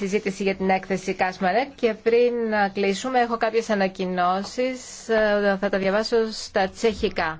συζήτηση για την έκθεση Κάσμαρεκ και πριν να κλείσουμε έχω κάποιες ανακοινώσεις, ε, θα τα διαβάσω στα τσεχικά.